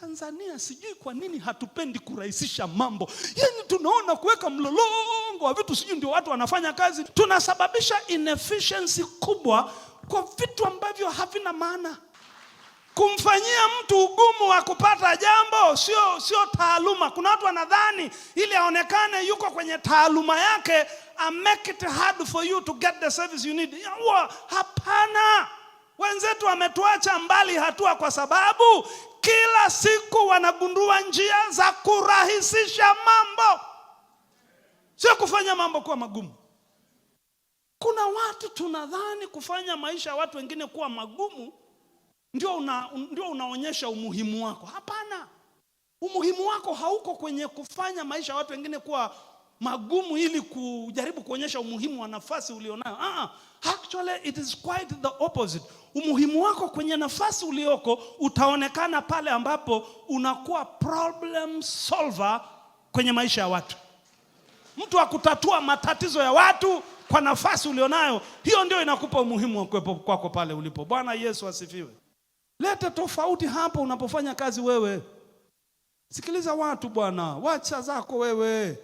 Tanzania sijui kwa nini hatupendi kurahisisha mambo. Yaani tunaona kuweka mlolongo wa vitu sijui ndio watu wanafanya kazi. Tunasababisha inefficiency kubwa kwa vitu ambavyo havina maana. Kumfanyia mtu ugumu wa kupata jambo sio sio taaluma. Kuna watu wanadhani ili aonekane yuko kwenye taaluma yake, I make it hard for you to get the service you need. Hapana. Wenzetu wametuacha mbali hatua kwa sababu kila siku wanagundua njia za kurahisisha mambo, sio kufanya mambo kuwa magumu. Kuna watu tunadhani kufanya maisha ya watu wengine kuwa magumu ndio, una, ndio unaonyesha umuhimu wako. Hapana, umuhimu wako hauko kwenye kufanya maisha ya watu wengine kuwa magumu ili kujaribu kuonyesha umuhimu wa nafasi ulionayo. Ah, ah. Actually, it is quite the opposite. Umuhimu wako kwenye nafasi ulioko utaonekana pale ambapo unakuwa problem solver kwenye maisha ya watu. Mtu akutatua matatizo ya watu kwa nafasi ulionayo, hiyo ndio inakupa umuhimu wa kuwepo kwako pale ulipo. Bwana Yesu asifiwe. Leta tofauti hapo unapofanya kazi wewe. Sikiliza watu bwana, wacha zako wewe.